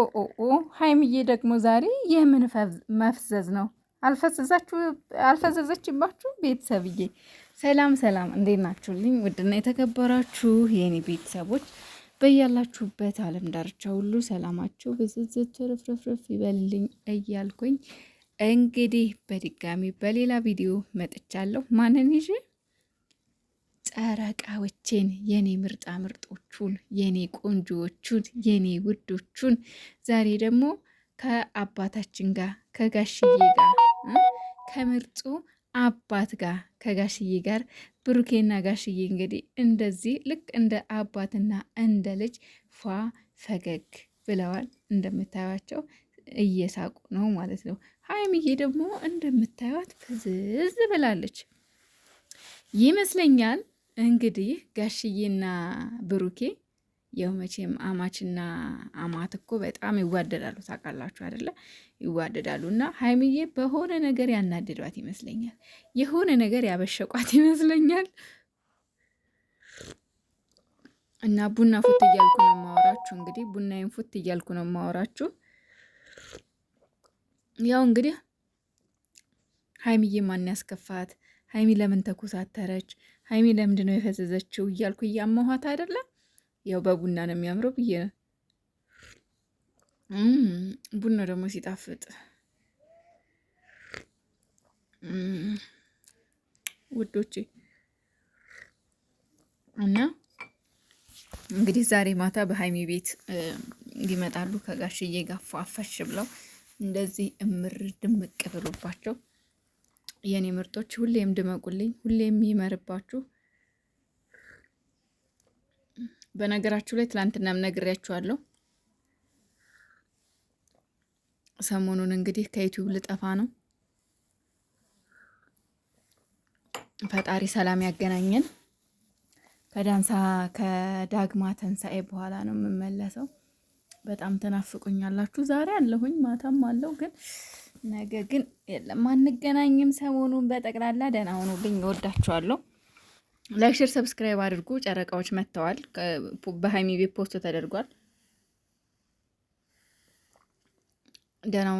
ኦኦኦ ሀይምዬ ደግሞ ዛሬ የምን መፍዘዝ ነው? አልፈዘዘችባችሁ? ቤተሰብዬ ሰላም ሰላም፣ እንዴት ናችሁልኝ? ውድና የተከበራችሁ የኔ ቤተሰቦች በያላችሁበት ዓለም ዳርቻ ሁሉ ሰላማችሁ ብዝዝት ርፍርፍርፍ ይበልልኝ እያልኩኝ እንግዲህ በድጋሚ በሌላ ቪዲዮ መጥቻለሁ። ማንን ይዤ ጨረቃዎቼን የኔ ምርጣ ምርጦቹን የኔ ቆንጆዎቹን የኔ ውዶቹን ዛሬ ደግሞ ከአባታችን ጋር ከጋሽዬ ጋር ከምርጡ አባት ጋር ከጋሽዬ ጋር ብሩኬና ጋሽዬ እንግዲህ እንደዚህ ልክ እንደ አባትና እንደ ልጅ ፏ ፈገግ ብለዋል። እንደምታዩቸው እየሳቁ ነው ማለት ነው። ሀይሚዬ ደግሞ እንደምታዩት ፍዝዝ ብላለች ይመስለኛል። እንግዲህ ጋሽዬና ብሩኬ ያው መቼም አማችና አማት እኮ በጣም ይዋደዳሉ። ታውቃላችሁ አይደለ? ይዋደዳሉ እና ሀይሚዬ በሆነ ነገር ያናደዷት ይመስለኛል። የሆነ ነገር ያበሸቋት ይመስለኛል። እና ቡና ፉት እያልኩ ነው ማወራችሁ። እንግዲህ ቡናዬን ፉት እያልኩ ነው ማወራችሁ። ያው እንግዲህ ሀይሚዬ ማን ያስከፋት? ሀይሚ ለምን ተኮሳተረች? ሀይሚ ለምንድን ነው የፈዘዘችው? እያልኩ እያመኋት አይደለም። ያው በቡና ነው የሚያምረው ብዬ ነው። ቡና ደግሞ ሲጣፍጥ ውዶቼ እና እንግዲህ ዛሬ ማታ በሀይሚ ቤት ይመጣሉ ከጋሽዬ ጋር ፏፈሽ ብለው እንደዚህ እምር ድምቅ ብሎባቸው የእኔ ምርጦች ሁሌም ድመቁልኝ፣ ሁሌም ይመርባችሁ። በነገራችሁ ላይ ትላንትናም ነግሬያችኋለሁ። ሰሞኑን እንግዲህ ከዩቲዩብ ልጠፋ ነው። ፈጣሪ ሰላም ያገናኘን። ከዳንሳ ከዳግማ ተንሳኤ በኋላ ነው የምመለሰው። በጣም ትናፍቁኛላችሁ። ዛሬ አለሁኝ ማታም አለው፣ ግን ነገ ግን የለም አንገናኝም። ሰሞኑን በጠቅላላ ደህና ሆኑልኝ። እወዳችኋለሁ። ላይክ፣ ሼር፣ ሰብስክራይብ አድርጉ። ጨረቃዎች መጥተዋል። በሀይሚ ቤት ፖስት ተደርጓል። ደህና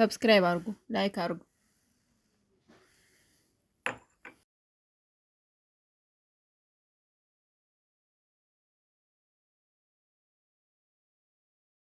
ሰብስክራይብ አድርጉ፣ ላይክ አድርጉ።